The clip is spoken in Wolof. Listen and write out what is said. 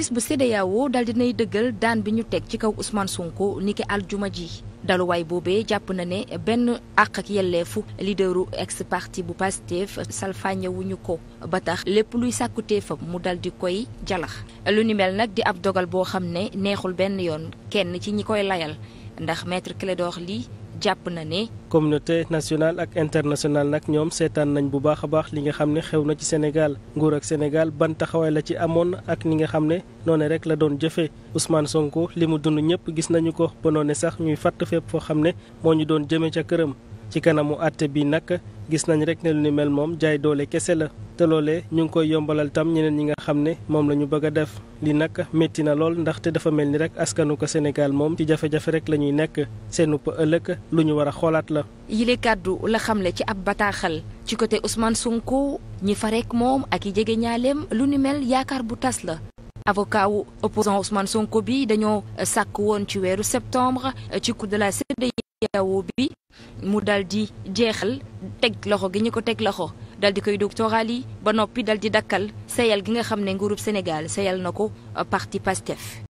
justice bu CEDEAO dal nay dëggal daan bi ñu teg ci kaw Ousmane Sonko niki aljuma ji daluwaay boobee jàpp na ne benn àq ak yelleefu lideru ex parti bu Pastef salfaañewuñu ko ba tax lépp luy sàkkuteefam mu dal di koy jalax lu ni mel nag di ab dogal boo xam ne neexul benn yoon kenn ci ñi koy layal ndax maître Clédor lii jàpp na ne. communauté nationale ak internationale nag ñoom seetaan nañ bu baax a baax li nga xam ne xew na ci Sénégal nguur ak Sénégal ban taxawaay la ci amoon ak ni nga xam ne noonu rek la doon jëfee Ousmane Sonko li mu dund ñëpp gis nañu ko ba noonu sax ñuy fàtt fépp foo xam ne moo ñu doon jëmee ca këram. ci kanamu àtte bi nag gis nañ rek ne lu ni mel moom jaay doole kese la te loolee ñu ngi koy yombalal tam ñeneen ñi nga xam ne moom la ñu bëgg a def li nag métti na lool ndaxte dafa mel ni rek askanu ko Sénégal moom ci jafe-jafe rek la ñuy nekk seen upp ëllëg lu ñu war a xoolaat la. yile kàddu la xamle ci ab bataaxal ci côté Ousmane Sonko ñi fa moom ak i jege ñaaleem lu ni mel yaakaar bu tas la. avocat wu opposant Ousmane Sonko bi dañoo sàkk woon ci weeru septembre ci cour la CEDEAO yow bi mu dal di jeexal teg loxo gi ñu ko teg loxo dal di koy doctoral yi ba noppi dal di dakkal seyal gi nga xam ne nguurub Sénégal sayal na ko euh, parti PASTEF